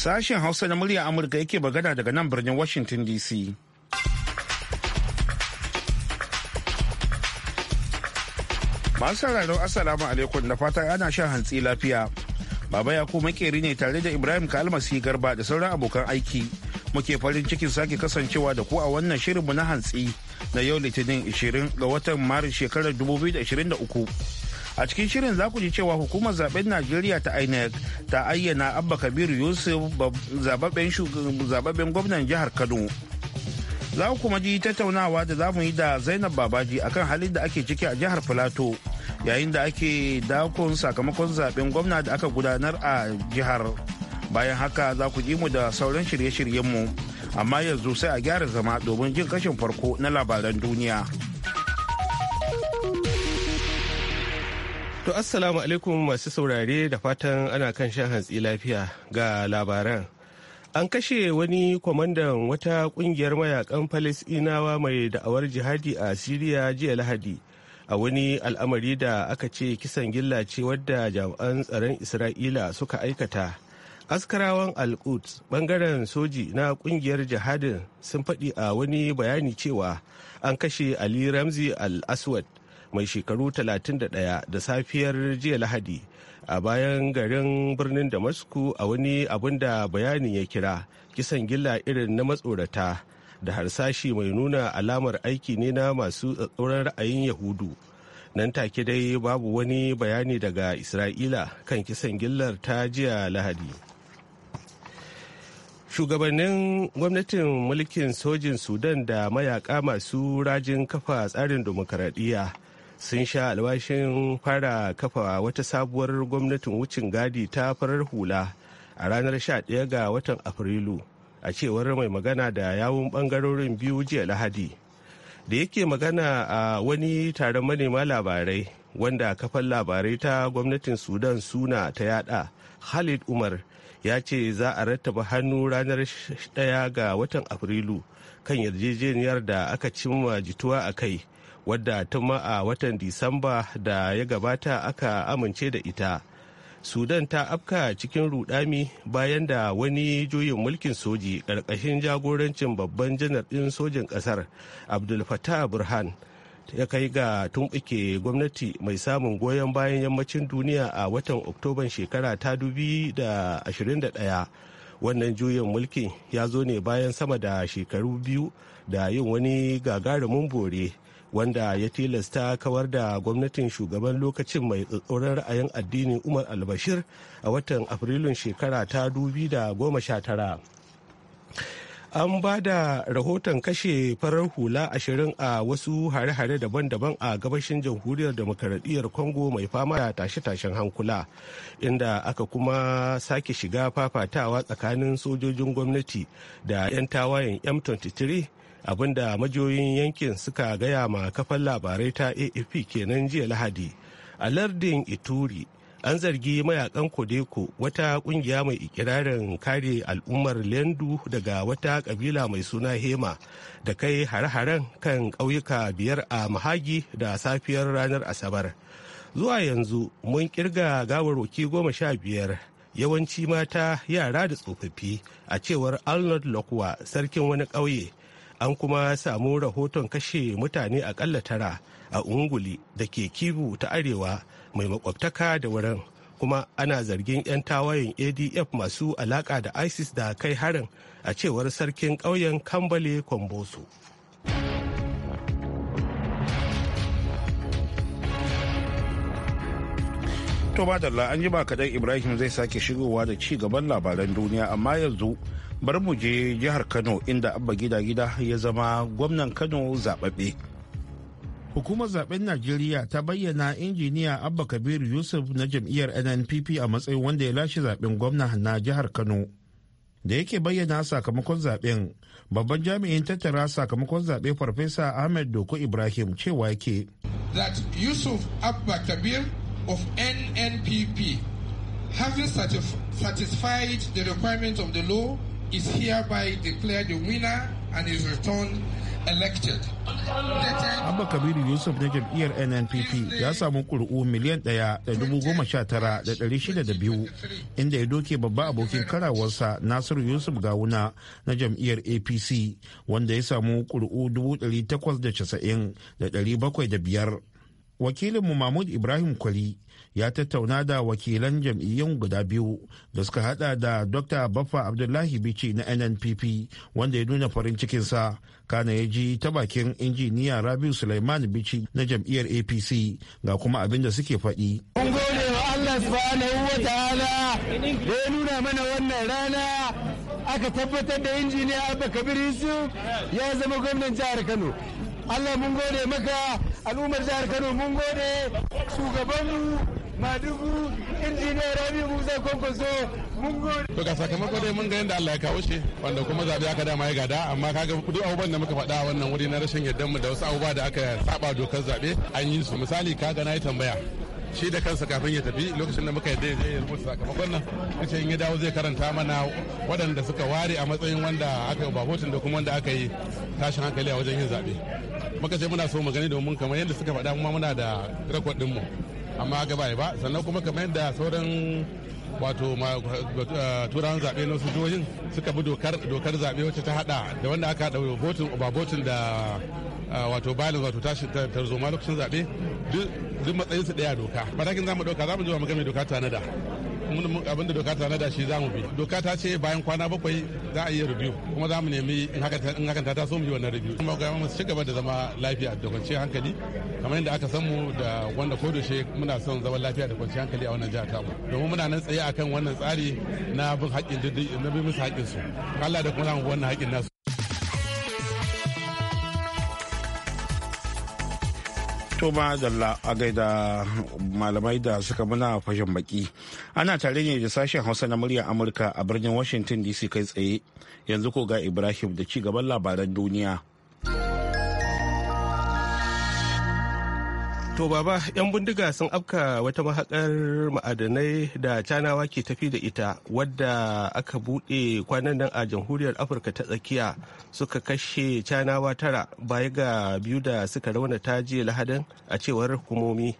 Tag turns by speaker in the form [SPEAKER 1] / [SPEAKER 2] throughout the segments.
[SPEAKER 1] Sashen Hausa na murya Amurka yake magana daga nan birnin Washington DC. Masu sauraron Assalamu alaikum da fatan ana shan hantsi lafiya. Baba Yakubu makeri ne tare da Ibrahim Kalmasi Garba da sauran abokan aiki. Muke farin cikin sake kasancewa da ku a wannan shirinmu na hantsi na yau Litinin 20 ga watan Maris shekarar 2023. a cikin shirin za ku ji cewa hukumar zaben najeriya ta inec ta ayyana abba kabiru yusuf zababben gwamnan jihar kano za ku kuma ji tattaunawa da zamu yi da zainab babaji akan halin da ake ciki a jihar filato yayin da ake dakon sakamakon zaben gwamna da aka gudanar a jihar bayan haka za ku ji mu da sauran shirye-shiryenmu amma yanzu sai a gyara zama domin jin kashin farko na labaran duniya.
[SPEAKER 2] To assalamu alaikum masu saurare da fatan ana kan shan hantsi lafiya ga labaran. An kashe wani kwamandan wata kungiyar mayakan Falasɗinawa mai da'awar jihadi a Siriya jiya Lahadi a wani al'amari da aka ce kisan gilla ce wadda jami'an tsaron Isra'ila suka aikata. Askarawan Al-Quds bangaren soji na kungiyar jihadin sun faɗi a wani bayani cewa an kashe Ali Ramzi Al-Aswad mai shekaru 31 da safiyar jiya lahadi a bayan garin birnin damasku a wani abin da bayanin ya kira kisan gilla irin na matsorata da harsashi mai nuna alamar aiki ne na masu tsatsauran ra'ayin yahudu nan take dai babu wani bayani daga isra'ila kan kisan gillar ta jiya lahadi shugabannin gwamnatin mulkin sojin sudan da mayaka masu rajin kafa tsarin demokaradiyya sun sha alwashin fara kafa wata sabuwar gwamnatin wucin gadi ta farar hula a ranar 11 ga watan afrilu a cewar mai magana da yawun bangarorin biyu jiya lahadi da yake magana a wani taron manema labarai wanda kafan labarai ta gwamnatin sudan suna ta yada khalid umar ya ce za a rattaba hannu ranar 1 ga watan afrilu kan yarjejeniyar da aka cimma jituwa a kai wadda tun ma a watan disamba da ya gabata aka amince da ita sudan ta afka cikin rudami bayan da wani juyin mulkin soji karkashin jagorancin babban janar din sojin kasar abdul fattah burhan ya kai ga tumɓuke gwamnati mai samun goyon bayan yammacin duniya a watan oktoban shekara ta 2021 wannan juyin mulkin ya zo ne bayan sama da shekaru biyu da yin wani gagarumin bore wanda ya tilasta kawar da gwamnatin shugaban lokacin mai tsatsauran ra'ayin addini umar albashir a watan afrilun shekara ta dubi da goma sha tara. an ba da rahoton kashe farar hula ashirin a wasu hare-hare daban-daban a gabashin jamhuriyar demokaradiyyar congo mai fama da tashe-tashen hankula inda aka kuma sake shiga fafatawa tsakanin sojojin gwamnati da 'yan tawayen m23 abinda majoyin yankin suka gaya ma kafan labarai ta afp kenan jiya lahadi a lardin ituri an zargi mayakan kodeko wata kungiya mai ikirarin kare al'ummar lendu daga wata kabila mai suna hema da kai hare-haren kan ƙauyuka biyar a mahagi da safiyar ranar asabar zuwa yanzu mun kirga gawarwaki goma sha biyar yawanci mata yara da tsofaffi a cewar arnold lokwa sarkin wani ƙauye an kuma samu rahoton kashe mutane akalla tara a unguli da ke kibu ta arewa mai makwabtaka da wurin kuma ana zargin 'yan tawayen adf masu alaka da isis da kai harin a cewar sarkin ƙauyen kambale
[SPEAKER 1] kwamboso To ba dalla an ba kaɗan Ibrahim zai sake shigowa da ci gaban labaran duniya amma yanzu bar mu je jihar Kano inda abba gida gida ya zama gwamnan Kano zababbe. Hukumar zaben Najeriya ta bayyana injiniya Abba Kabir Yusuf na jam'iyyar NNPP a matsayin wanda ya lashe zaben gwamna na jihar Kano. Da yake bayyana sakamakon zaben, babban jami'in tattara sakamakon zaɓe Farfesa Ahmed Doko Ibrahim cewa yake.
[SPEAKER 3] That Yusuf Abba Kabir of NNPP, having satisfied the requirement of the law, is hereby declared the winner and is returned elected.
[SPEAKER 1] Abba Kabiru Yusuf na jam'iyyar NNPP ya samu ƙuri'u miliyan ɗaya da dubu goma sha tara da ɗari shida da biyu inda ya doke babba abokin karawarsa Nasiru Yusuf Gawuna na jam'iyyar APC wanda ya samu ƙuri'u dubu ɗari takwas da casa'in da ɗari bakwai da biyar. wakilin mu mahmud ibrahim kwali ya tattauna da wakilan jam'iyyun guda biyu da suka hada da dr baffa abdullahi bici na nnpp wanda ya nuna farin cikinsa kana ya ji ta bakin injiniya rabiu suleiman bici na jam'iyyar apc ga kuma abin da suke faɗi
[SPEAKER 4] Allah subhanahu wa ta'ala da
[SPEAKER 5] ya nuna mana wannan rana aka tabbatar da injiniya abba kabir yusuf ya zama gwamnan jihar kano Allah mun gode maka al'ummar jihar kano mun
[SPEAKER 4] gode shugabanmu madugu injiniyar rabi musa kwankwaso mun gode to ga sakamako dai mun ga yadda allah ya kawo shi
[SPEAKER 6] wanda kuma zabi aka dama ya gada amma kaga duk abubuwan da muka faɗa wannan wuri na rashin mu da wasu abubuwa da aka saba dokar zaɓe an yi su misali kaga na yi tambaya shi da kansa kafin ya tafi lokacin da muka zai yi rubuta sakamakon nan yace in ya dawo zai karanta mana waɗanda suka ware a matsayin wanda aka yi babotun da kuma wanda aka yi tashin hankali a wajen yin zaɓe muka ce muna so mu gani domin kamar yadda suka faɗa mu muna da rekod ɗinmu amma gaba ba sannan kuma kamar yadda sauran wato eh, turan zaɓe na wasu jihohin suka bi dokar zaɓe wacce ta hada da wanda aka haɗa votin ba botin da eh, wato balin wato tashi tarzoma lokacin zaɓe duk matsayinsu ɗaya doka matakin za mu ɗauka za mu ji wa magana doka ta nada. abin da doka ta nada shi za mu bi doka ta ce bayan kwana bakwai za a yi review kuma za mu nemi in hakan ta taso mu yi wannan review kuma ga mu ci gaba da zama lafiya da kwanciyar hankali kamar yadda aka san mu da wanda ko da muna son zama lafiya da kwanciyar hankali a wannan jihar ta mu domin muna nan tsaye akan wannan tsari na bin haƙƙin na bin musu haƙƙin su Allah da kuma za mu wannan haƙƙin nasu To ma dalla
[SPEAKER 1] a gaida malamai da suka muna fashin baki. Ana tare ne da sashen Hausa na muryar Amurka a birnin Washington DC kai tsaye. Yanzu ko ga Ibrahim da ci gaban labaran duniya. To
[SPEAKER 2] baba, 'yan bindiga sun afka wata mahakar ma'adanai da canawa ke tafi da ita wadda aka buɗe kwanan nan a jamhuriyar Afirka ta tsakiya suka kashe canawa tara baya ga biyu da suka raunata jiya lahadin a cewar hukumomi.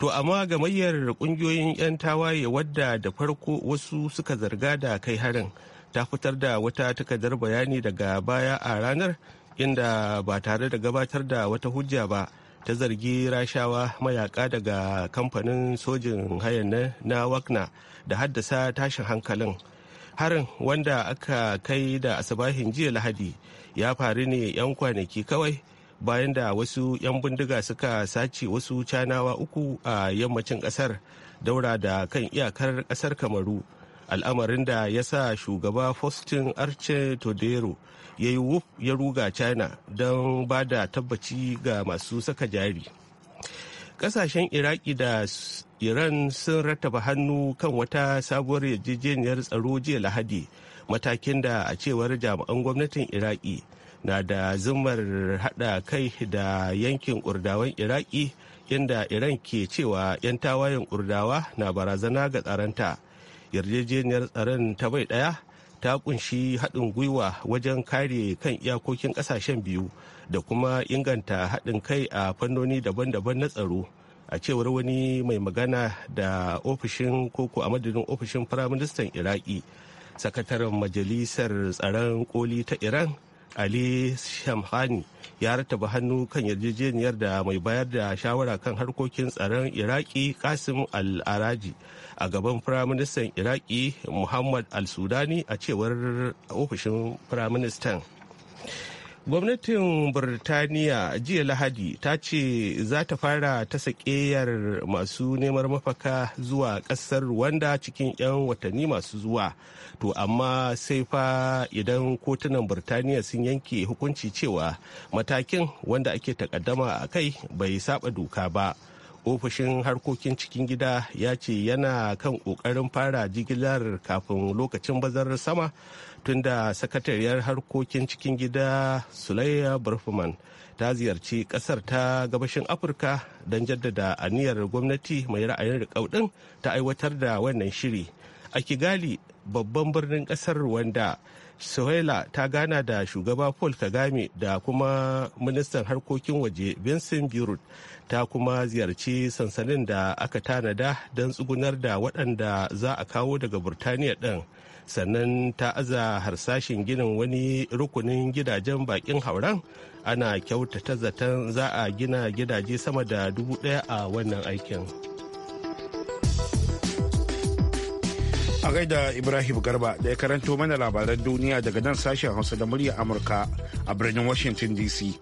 [SPEAKER 2] To amma gamayyar ƙungiyoyin 'yan tawaye wadda da farko wasu suka zarga da kai harin ta fitar da wata takardar bayani daga baya a ranar inda ba tare da gabatar da wata hujja ba. ta zargi rashawa mayaka daga kamfanin sojin hayan na wakna da haddasa tashin hankalin harin wanda aka kai da asabahin jiya lahadi ya faru ne 'yan kwanaki kawai bayan da wasu 'yan bindiga suka sace wasu canawa uku a yammacin kasar daura da kan iyakar kasar kamaru al'amarin da ya sa shugaba faustin arce todero ya wuf ya ruga china don ba da tabbaci ga masu saka jari kasashen iraki da iran sun rattaba hannu kan wata sabuwar yarjejeniyar tsaro jiya lahadi matakin da a cewar jami'an gwamnatin iraki na da zumar hada kai da yankin kurdawan iraki inda iran ke cewa 'yan tawayen kurdawa na barazana ga tsaranta yarjejeniyar tsaron ta bai daya ta kunshi haɗin gwiwa wajen kare kan iyakokin ƙasashen biyu da kuma inganta haɗin kai a fannoni daban-daban na tsaro a cewar wani mai magana da ofishin koko a madadin ofishin firaministan iraki sakataren majalisar tsaron koli ta iran ali shamhani ya rattaba hannu kan yarjejeniyar da mai bayar da shawara kan harkokin tsaron iraki kasim al-araji a gaban firaministan iraki muhammad al-sudani a cewar ofishin firaministan gwamnatin birtaniya jiya lahadi ta ce za ta fara ta sakeyar masu neman mafaka zuwa kasar rwanda cikin 'yan watanni masu zuwa to amma sai fa idan kotunan birtaniya sun yanke hukunci cewa matakin wanda ake takaddama a kai bai saba doka ba ofishin harkokin cikin gida ya ce yana kan ƙoƙarin fara jigilar kafin lokacin bazarar sama tunda sakatariyar harkokin cikin gida sulayya burfuman ta ziyarci kasar ta gabashin afirka don jaddada aniyar gwamnati mai ra'ayin rikaudin ta aiwatar da wannan shiri a kigali babban birnin kasar wanda Suhaila ta gana da shugaba Paul Kagame da kuma ministan harkokin waje Vincent Birut ta kuma ziyarci sansanin da aka tanada don tsugunar da waɗanda za a kawo daga Burtaniya ɗin. Sannan ta aza harsashin ginin wani rukunin gidajen bakin hauran ana kyautata zaton za a gina gidaje sama da dubu ɗaya a
[SPEAKER 1] wannan aikin. a gaida ibrahim garba da ya karanto mana labaran duniya daga nan sashen hausa da murya amurka a birnin washington dc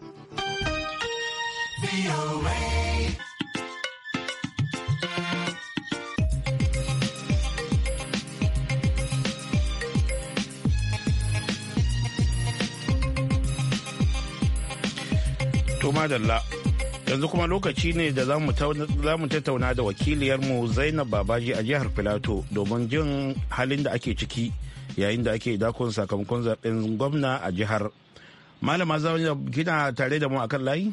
[SPEAKER 1] da la. yanzu kuma lokaci ne da za mu tattauna da wakiliyarmu zainab babaji a jihar filato domin jin halin da ake ciki yayin da ake dakon sakamakon zaben gwamna a jihar malama zainab kina tare da mu akan layi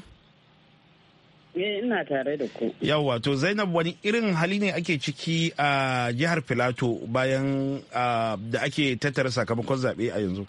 [SPEAKER 7] eh, ina tare da ku
[SPEAKER 1] yawa to zainab wani irin hali ne ake ciki a jihar filato bayan ah, da ake tattara sakamakon zaɓe a yanzu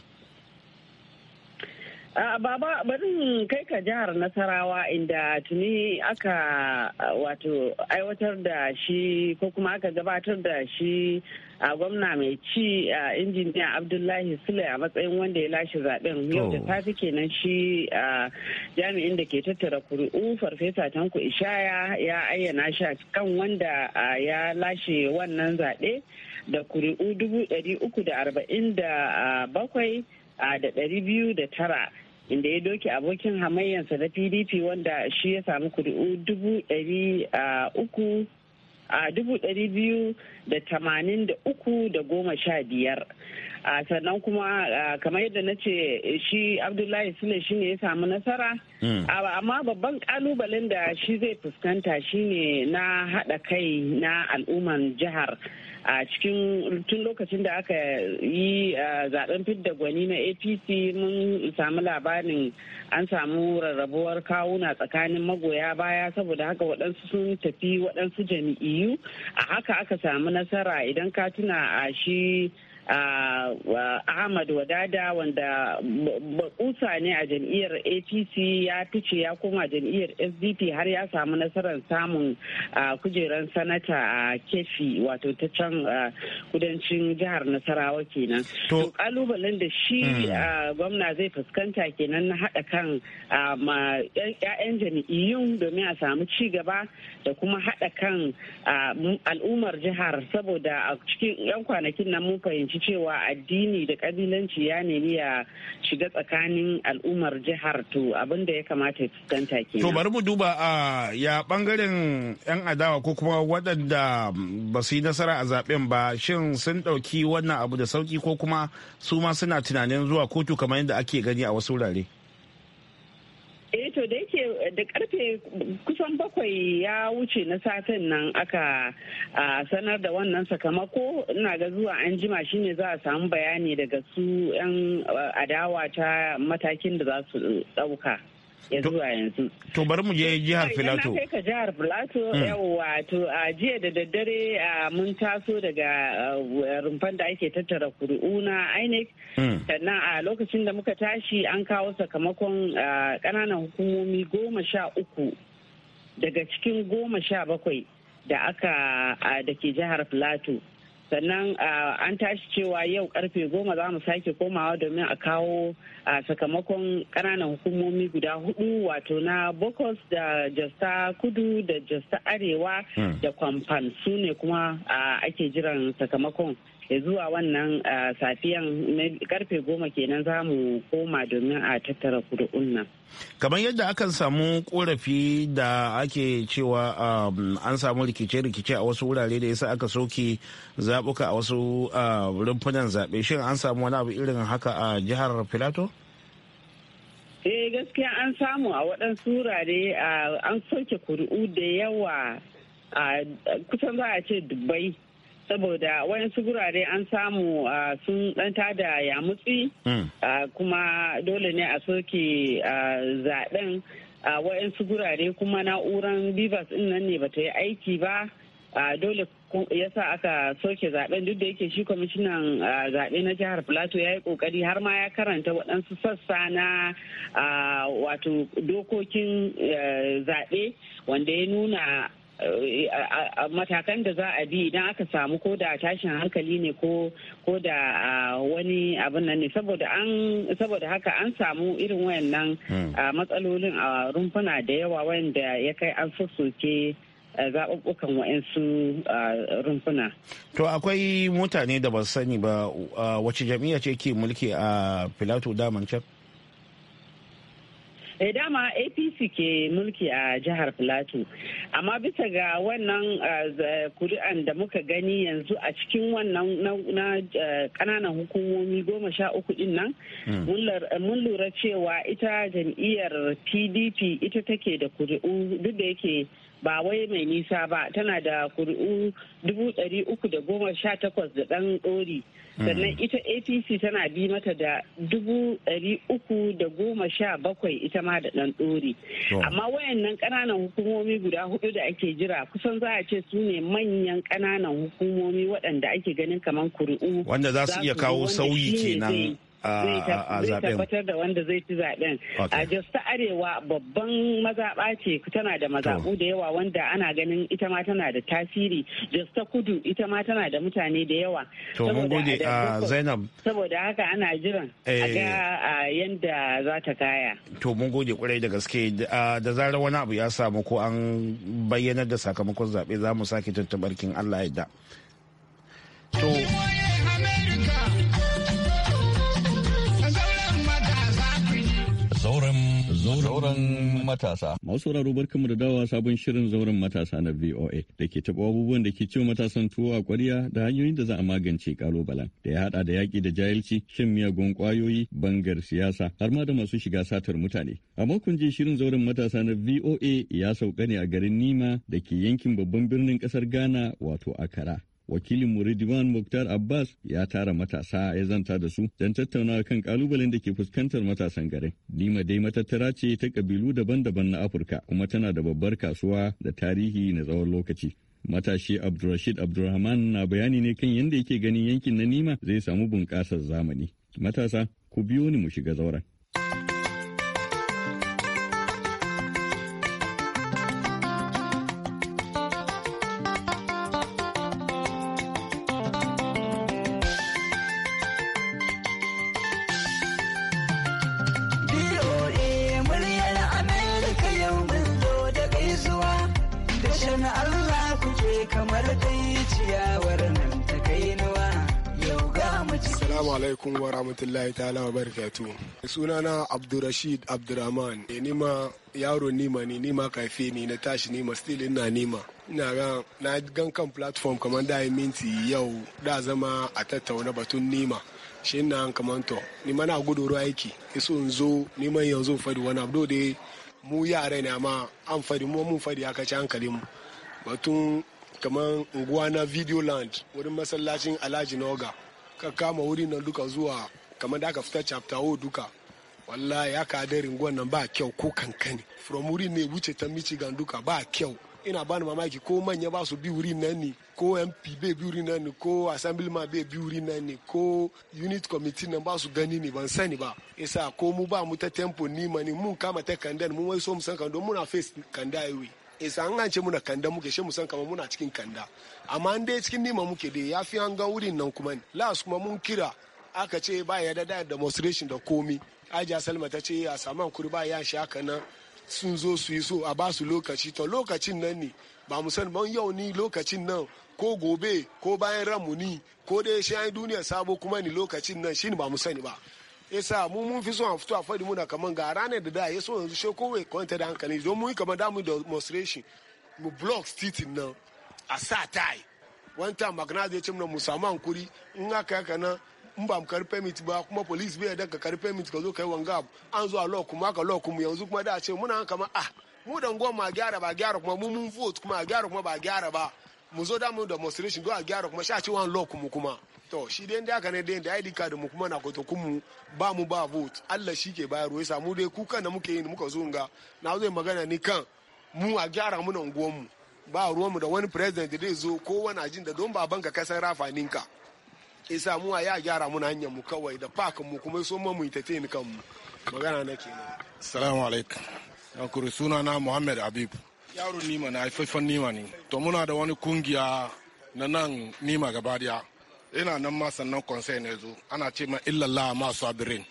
[SPEAKER 7] Baba bari kai ka jihar Nasarawa inda tuni aka wato aiwatar da shi ko kuma aka gabatar da shi a gwamna mai ci a injiniya Abdullahi Sule a matsayin wanda ya lashe zaben yau da safe kenan shi a jami'in da ke tattara kuri'u farfesa tanku ishaya ya ayyana shi kan wanda ya lashe wannan zaɓe da kuri'u dubu ɗari uku da arba'in da bakwai da ɗari biyu da tara inda ya doke abokin hamayyansa na pdp wanda shi ya samu kuri'u dubu ɗari uku a dubu ɗari biyu da tamanin da uku da goma sha biyar sannan kuma kamar yadda na ce shi abdullahi sule shi ne ya samu nasara hmm. amma babban kalubalen da shi zai fuskanta shine na haɗa kai na al'umman jihar a cikin tun lokacin da aka yi a zaben fidda gwani na apc mun samu labarin an samu rarrabuwar kawuna tsakanin magoya baya saboda haka waɗansu sun tafi waɗansu jami'iyu a haka aka samu nasara idan ka tuna a shi Ahmad Wadada wanda bakusa ne a jam'iyyar APC ya fice ya koma jam'iyyar SDP har ya samu nasarar samun kujeran sanata a kefi wato ta can kudancin jihar Nasarawa kenan. To kalubalen da shi hmm. gwamna zai fuskanta kenan na haɗa kan 'ya'yan jam'iyyun domin a samu ci gaba da kuma haɗa kan al'ummar jihar saboda a cikin 'yan kwanakin nan mun fahimci fahimci cewa addini da kabilanci ya nemi ya shiga tsakanin al'ummar jihar to abin da ya kamata ya fuskanta ke to bari
[SPEAKER 1] mu duba a ya bangaren yan adawa ko kuma waɗanda ba su yi nasara a zaben ba shin sun ɗauki wannan abu da sauki ko kuma su ma suna tunanin zuwa kotu kamar yadda ake gani a wasu wurare
[SPEAKER 7] eh to da yake eh, da karfe kusan bakwai ya wuce na satin nan aka sanar da wannan sakamako ina ga zuwa an jima shine za a samu bayani daga su 'yan eh, adawa ta matakin da za su eh, ɗauka. ya zuwa yanzu.
[SPEAKER 1] To bari mu je jihar Filato. kai ka
[SPEAKER 7] jihar Filato hmm. yawwa to a jiya da daddare mun taso daga rumfan da ake tattara kuri'u na INEC. Hmm. Sannan a lokacin da muka tashi an kawo sakamakon ƙananan hukumomi goma sha uku daga cikin goma sha bakwai da aka da ke jihar Filato. sannan ah, an tashi cewa yau karfe goma za mu sake komawa domin a kawo ah, sakamakon kananan hukumomi guda hudu wato na bokos da jasta kudu da jasta arewa hmm. da kwamfan su ne kuma ah, ake jiran sakamakon zuwa wannan safiyan na karfe goma kenan za mu koma domin a tattara kuri'un nan.
[SPEAKER 1] kamar yadda akan samu korafi da ake cewa um, an samu rikice-rikice a wasu wurare da yasa aka soke zaɓuka a wasu rumfunan zaɓe shin an samu wani abu irin haka a jihar filato?
[SPEAKER 7] eh gaskiya an samu a waɗansu wurare an soke kuri'u da yawa kusan za a ce dubai saboda wayansu gurare an samu sun ɗanta tada yamutsi hmm. kuma dole ne a soke wa'yan wayansu gurare kuma na'uran bivas in nan ne bata yi aiki ba dole yasa aka soke zaɓen duk da yake shi kwamishinan zaɓe na jihar plateau ya yi ƙoƙari har ma ya karanta waɗansu sassa na wato dokokin e, zaɓe wanda ya nuna matakan da za a bi idan aka samu ko da tashin hankali ne ko da wani abin nan ne saboda haka an samu irin wayannan hmm. matsalolin a rumfuna da yawa wanda ya kai an sassoke zaɓuɓɓukan wa'insu rumfuna.
[SPEAKER 1] To akwai mutane da ba sani ba wace jami'a ce ke mulki a Filato daman can?
[SPEAKER 7] eh dama apc ke mulki a jihar plateau amma bisa ga wannan eh, eh, kuri'an da muka gani yanzu a cikin wannan na kananan eh, hukumomi goma sha uku din nan hmm. mun lura cewa ita jam'iyyar pdp ita take da kuri'u duk da yake ba wai mai nisa ba tana da kuri'u dubu ɗari uku da goma sha takwas da ɗan ɗori Hmm. sannan ita apc tana bi mata da dubu ɗari uku da goma sha bakwai ita ma da ɗan ɗori amma wayannan ƙananan hukumomi guda hudu da ake jira kusan za a ce su ne manyan ƙananan hukumomi waɗanda ake ganin kamar kuri'u wanda za su iya kawo sauyi kenan
[SPEAKER 1] a zaben. Zai tabbatar
[SPEAKER 7] da wanda zai ci zaben. A Jos ta Arewa babban mazaɓa ce tana da mazaɓu da yawa wanda ana ganin ita ma tana da tasiri. Jos ta Kudu ita ma tana da mutane da yawa. To mun gode Zainab. Saboda haka ana jiran a eh. ga yanda za ta kaya.
[SPEAKER 1] To mun gode kwarai da gaske da zarar wani abu ya samu ko an bayyanar da sakamakon zaɓe za mu sake tattabarkin Allah ya da.
[SPEAKER 8] Zauren matasa. Masu sauraro kama da dawa sabon shirin zauren matasa na VOA da ke taɓa abubuwan da ke cewa matasan tuwo a kwarya da hanyoyin da za a magance ƙalubalen da ya haɗa da yaƙi da jahilci, shan miyagun ƙwayoyi, bangar siyasa har ma da masu shiga satar mutane. A makon jiya shirin zauren matasa na VOA ya sauka ne a garin Nima da ke yankin babban birnin ƙasar Ghana wato Akara. wakilin Muridiwan Muktar Abbas ya tara matasa ya zanta da su don tattaunawa kan kalubalen da ke fuskantar matasan garin. Nima dai matattara ce ta kabilu daban-daban na Afirka kuma tana da babbar kasuwa da tarihi na tsawon lokaci. Matashi Abdulrashid Abdulrahman na bayani ne kan yadda yake ganin yankin na Nima zai samu bunƙasar zamani. Matasa, ku biyo ni mu shiga zauren.
[SPEAKER 4] na Allah kuke kamar dai ciyawar nan ta kai nawa yau
[SPEAKER 9] ga mu ci. Assalamu alaikum wa rahmatullahi ta'ala wa barakatu. Sunana Abdurrashid Abdurrahman. Eh, nima yaro nima ne nima kafe ne na tashi nima still ina nima. Ina ga na gan kan platform kamar da minti yau da zama a tattauna batun nima. Shi na kamar to, nima na gudu aiki. Isu in zo, nima yanzu fadi wani abu da mu yara ne amma an fadi mu mun fadi aka ci hankalin mu batun kamar unguwa na video land wurin masallacin alhaji noga ka kama wuri nan duka zuwa kamar da aka fita chapter wo duka wallahi ya ka da ringon nan ba kyau ko kankani from wurin ne wuce ta michigan duka ba kyau ina ni mamaki ko manya ba su bi wuri nan ne ko mp bai bi wuri nan ne ko assemblyman bai bi wuri nan ne ko unit committee nan ba su gani ne ban sani ba isa ko mu ba mu ta tempo ni ma ni mun kama ta ni mun wai so mu san kanda muna face kanda yi isa an ganci muna kanda muke she mu san kama muna cikin kanda amma an dai cikin nima muke dai fi an ga wurin nan kuma ni. las kuma mun kira aka ce ba ya da demonstration da komi aja salma ta ce a saman kurba ya shi haka nan sun zo su yi so a ba su lokaci to lokacin nan ne ba mu san ban yau ni lokacin nan ko gobe ko bayan ramu ni ko dai shi an duniya sabo kuma ni lokacin nan shi ba mu sani ba yasa mu mun fi son a fito a fadi muna kaman ga ranar da da ya so yanzu ko kowai kwanta da hankali don mu yi kamar da mu demonstration mu block titin nan a sa tie wani time ya zai ce mu samu hankuri in aka yaka nan in ba mu kari permit ba kuma police bai da ka kari permit ka zo kai wanga an zo a law kuma ka law kuma yanzu kuma da ce muna kama ah mu da ngwa ma gyara ba gyara kuma mu mun vote kuma a gyara kuma ba gyara ba mu zo da mu demonstration don a gyara kuma sha ce wan law kuma kuma to shi dai da haka ne dai da ID card mu kuma na kwato mu ba mu ba vote Allah shi ke bayarwa ya samu dai kuka da muke yi muka zo nga na zo magana ni kan mu a gyara mu nan mu ba mu da wani president da zai zo ko wani ajin da don ba banka kasan ninka isa mu ya gyara muna hanyar mu kawai da fakan mu kuma so mu tafi ni kanmu magana na kenan
[SPEAKER 3] assalamu alaikum kuri suna na muhammad habib yaro nima na haifafan nima ne to muna da wani kungiya na nan nima gaba daya ina nan ma sannan konsai ne zo ana ce ma illallah masu abirin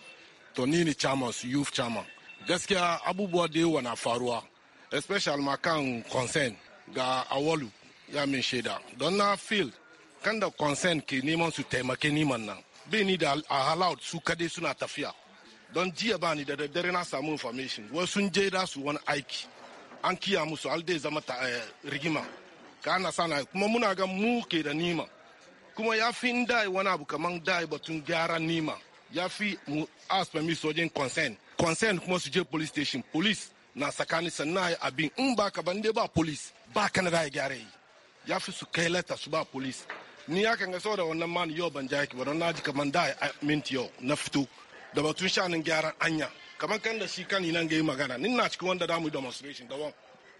[SPEAKER 3] to ni ni chama su youth chama gaskiya abubuwa da yawa na faruwa especially ma kan consent ga awalu ya min shaida don na feel kan da concern ke neman su taimake neman nan bai ni da halal su kadai suna tafiya don jiya ba ni da daddare na samu information wasu sun je da su wani aiki an kiya musu alde zama ta eh, rigima ka ana sana kuma muna ga mu ke da nima kuma ya fi dai wani abu kamar dai batun gyara nima ya fi mu ask permission wajen concern concern kuma su je police station police na sakani sannan abin in ba ka ban ba police ba kana da ya gyara yi ya fi su kai lata su ba police ni ya kan ga saboda wannan man yau ban ja ki ba don na ji kamar da minti yau na fito da batun shanin gyaran anya kamar kan da shi kan nan ga yi magana ni na cikin wanda damu demonstration da wan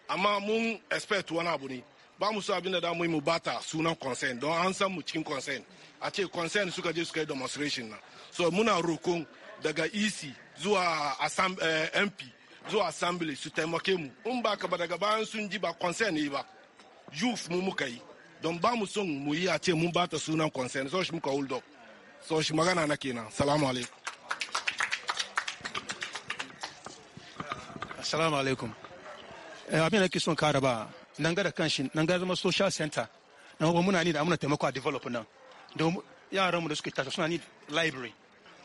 [SPEAKER 3] amma mun expect wani abu ne ba mu so abin da damu mu bata sunan concern don an san mu cikin concern a ce concern suka je suka yi demonstration na so muna rokon daga EC zuwa MP eh, zuwa assembly su taimake mu in ba ka ba daga bayan sun ji ba concern ne ba youth mu muka yi don ba mu son mu yi a ce mun ba bata sunan consent so shi muka hold up
[SPEAKER 10] so shi magana na kenan salamu alaikum assalamu alaikum eh, abin da ke son kara ba nan ga da kanshi nan ga zama social center na muna ni da amuna taimako a develop nan don yaran mu da suke tashi suna ni library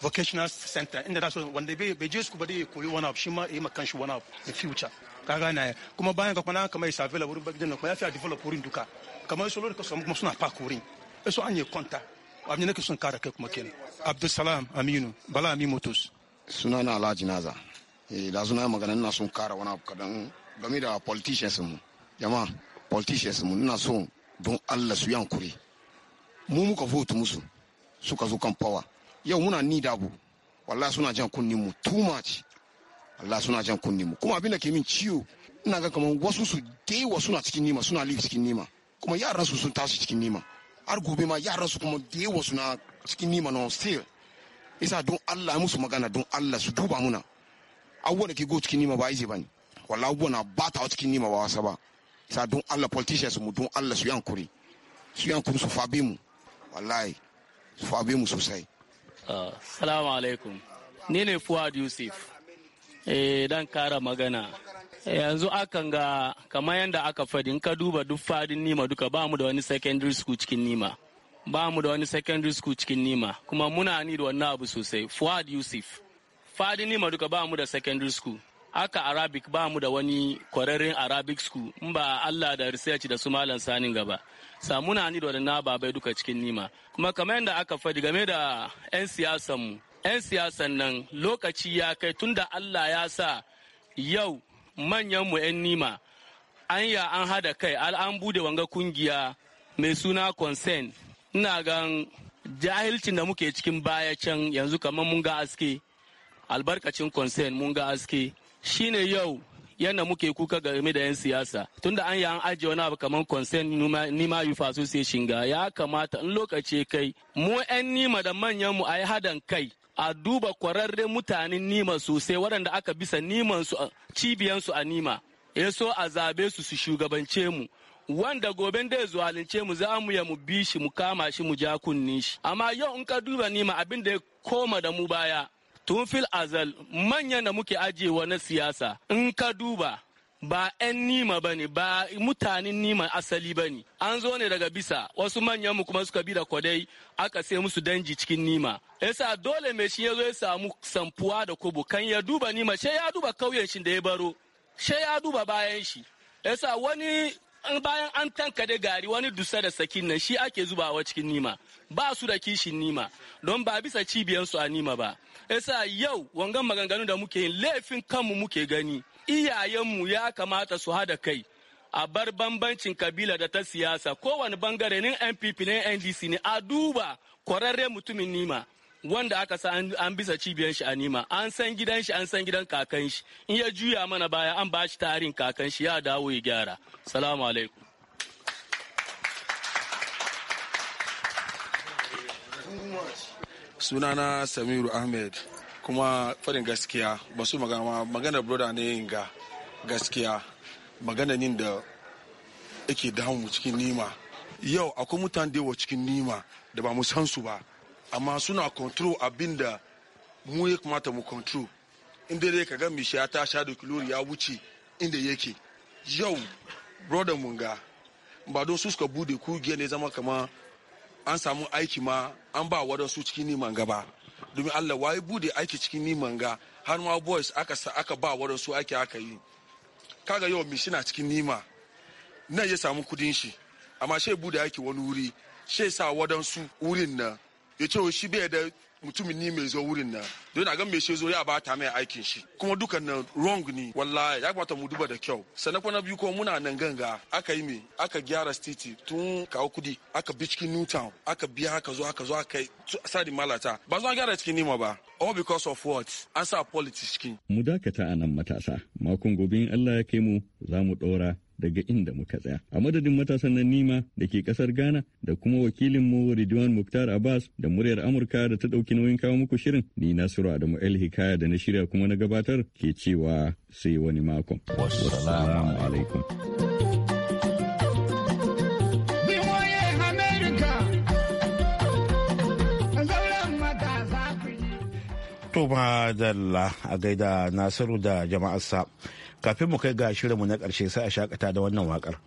[SPEAKER 10] vocational center inda da so wanda bai je su ba dai koyi wani abu shi ma yi makan shi wani abu in future ka gane kuma bayan ka kwana kamar isabela wurin bagdin kuma ya fi a develop wurin duka kamar su lori ka samu kuma suna park wurin eso an yi konta abin da nake son kara kai kuma kenan abdulsalam aminu bala amin motos suna na alhaji naza eh da
[SPEAKER 9] suna magana ina son kara wani abu kadan game da politicians mu jama'a politicians mu ina so don Allah su yankure mu muka vote musu suka zo kan power yau muna ni da abu wallahi suna jan kunnin mu too much wallahi suna jan kunnin mu kuma abin da ke min ciwo ina ga kaman wasu su daiwa suna cikin nima suna live cikin nima kuma yaran su sun tashi cikin nima har gobe ma yaran su kuma daiwa suna cikin nima non still isa don Allah musu magana don Allah su duba muna abubuwan da ke go cikin nima ba izi bane wallahi abubuwan na ba ta cikin nima ba wasa ba isa don Allah politicians mu don Allah su yankuri su yankuri su fabe mu wallahi su fabe mu sosai
[SPEAKER 5] Salamu alaikum. Ni ne Fuad Yusuf. Eh, dan kara magana. Eh, yanzu akan ga kamar yadda aka faɗi in ka duba duk fadin nima duka ba mu da wani secondary school cikin nima ba mu da wani secondary school cikin nima kuma muna ni da wannan abu sosai fuad yusuf fadin nima duka ba mu da secondary school aka arabic ba mu da wani kwararren arabic school in ba allah da research da su malam sanin gaba samuna ni da na babai duka cikin nima kuma kamar yadda aka faɗi game da 'yan siyasan mu 'yan siyasan nan lokaci ya kai tunda allah ya sa yau manyan mu 'yan nima an ya an hada kai an bude wanga kungiya mai suna concern ina gan jahilcin da muke cikin baya can yanzu kamar mun ga aske albarkacin concern mun ga aske shine yau yadda muke kuka game da 'yan siyasa tunda an yi an ajiye wani abu kamar consent nima faso sai shinga ya kamata in lokaci kai mu 'yan nima da manyan mu a yi hadan kai a duba kwararren mutanen nima sosai waɗanda aka bisa nimansu cibiyansu a nima ya so a zabe su su shugabance mu wanda goben dai ya zuwalince mu za mu ya mu bi shi mu kama shi mu ja kunni shi amma yau in ka duba nima abin da ya koma da mu baya tun fil azal manyan da muke ajiyewa na siyasa in ka duba ba 'yan nima ba ne ba mutanen nima asali ba ne an zo ne daga bisa wasu manyan mu kuma suka bi da kwadai aka sai musu danji cikin nima yasa dole mai shi ya zo ya samu samfuwa da kobo kan ya duba nima shi ya duba kauyen shi da ya baro shi ya duba bayan shi yasa wani bayan an tankade gari wani dusa da sakin nan shi ake zubawa cikin nima ba su da kishin nima don ba bisa cibiyansu a nima ba yasa yau wangan maganganu da muke yin laifin kanmu muke gani iyayenmu ya kamata su hada kai a bar bambancin kabila da ta siyasa kowane bangare ne npp ne ndc ne a duba kwararren mutumin nima wanda aka sa an bisa cibiyar shi a nima an san gidan shi an san gidan kakan shi in ya juya mana baya an ba shi tarin kakan shi ya dawo ya gyara salamu alaikum
[SPEAKER 10] sunana samiru ahmed kuma farin gaskiya ba su magana magana broda ne ga gaskiya magana nin da ake damu cikin nima yau akwai mutane da cikin nima da ba mu san su ba amma suna control abin da mu ya kamata mu control inda dai kaga mishi ya ta sha da kilori ya wuce inda yake yau brother munga ba don su suka bude kugiya ne zama kama an samu aiki ma an ba wadansu cikin niman gaba domin allah waye bude aiki cikin niman ga har ma boys aka sa aka ba wadansu aiki aka yi kaga yau mishi na cikin nima nan ya samu kudin shi amma shi bude aiki wani wuri shi sa wadansu wurin nan ya ce shi bai da mutumin ni mai zo wurin na don a ga mai zo ya bata mai aikin shi kuma dukan nan wrong ne wallahi ya kamata mu duba da kyau sannan kuma na biyu kuma muna nan ganga aka yi mai aka gyara stiti tun kawo kudi aka bi cikin newtown aka biya aka zo aka zo aka sadi malata ba zan gyara cikin nima ba all because of what an sa politics cikin
[SPEAKER 8] mu dakata a nan matasa makon gobe in Allah ya kai mu za mu ɗora daga inda muka tsaya. A madadin matasan nan Nima da ke kasar Ghana da kuma wakilin mu Ridwan Muktar Abbas da muryar Amurka da ta ɗauki nauyin kawo muku shirin ni Nasiru Adamu El Hikaya da na shirya kuma na gabatar ke cewa sai wani makon. Wassalamu alaikum.
[SPEAKER 1] da Allah a gaida Nasiru da jama'arsa. kafin mu kai ga shirinmu na ƙarshe sai a shakata da wannan waƙar.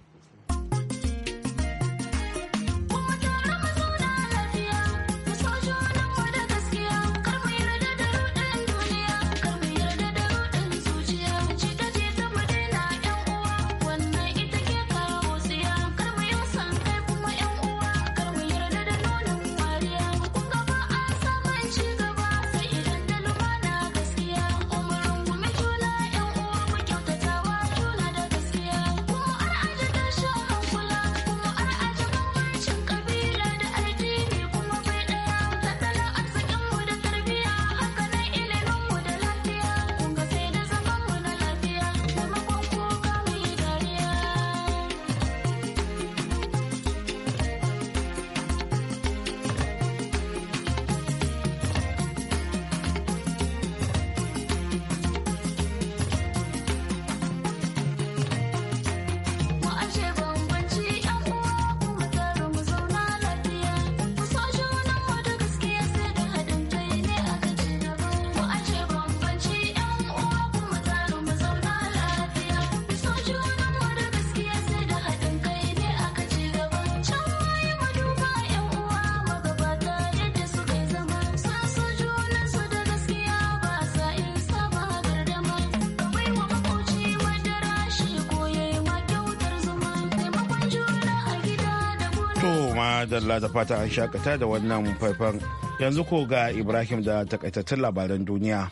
[SPEAKER 1] madalla da fata an shakata da wannan faifan yanzu ko ga ibrahim da takaitattun labaran duniya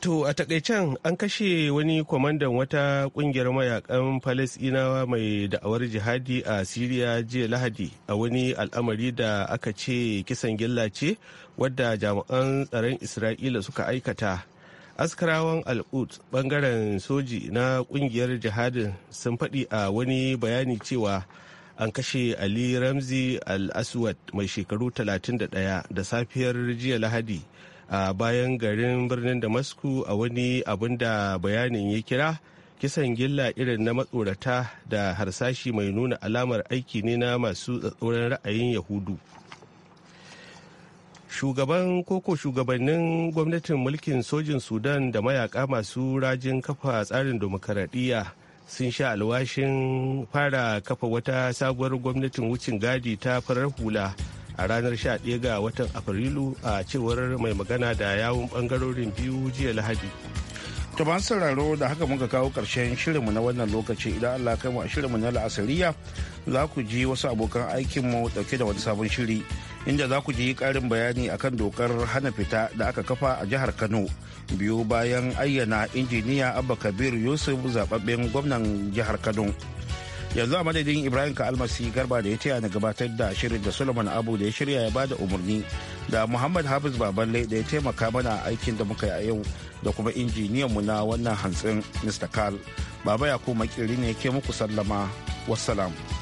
[SPEAKER 2] to a takaicen an kashe wani kwamandan wata kungiyar mayakan falasinawa mai da'awar jihadi a siriya jiya lahadi a wani al'amari da aka ce kisan gilla ce wadda jami'an tsaron isra'ila suka aikata askarawan al'ud bangaren soji na kungiyar jihadin sun faɗi a wani bayani cewa an kashe ali ramzi al-aswad mai shekaru 31 da safiyar jiya lahadi a bayan garin birnin damasku a wani abin da bayanin ya kira kisan gilla irin na matsorata da harsashi mai nuna alamar aiki ne na masu tsatsauran ra'ayin yahudu shugaban koko shugabannin gwamnatin mulkin sojin sudan da mayaka masu rajin kafa tsarin demokaradiyya sun sha alwashin fara kafa wata sabuwar gwamnatin wucin gadi ta farar hula a ranar 11 ga watan afrilu a cewar mai magana da yawun
[SPEAKER 1] bangarorin biyu jiya lahadi ta ban sauraro da haka muka kawo karshen shirinmu na wannan lokaci idan allah kai mu a shirinmu na la'asariya za ku ji wasu abokan aikinmu dauke da wani sabon shiri inda za ku ji karin bayani akan dokar hana fita da aka kafa a jihar Kano biyu bayan ayyana injiniya Abba Kabir Yusuf zababben gwamnan jihar Kano. Yanzu a madadin Ibrahim ka almasi garba da ya taya na gabatar da shirin da Solomon Abu da ya shirya ya bada umarni da Muhammad Hafiz Baballe da ya taimaka mana aikin da muka yi a yau da kuma injiniyan mu na wannan hantsin Mr. karl Baba ya ko makiri ne ke muku sallama. Wassalamu.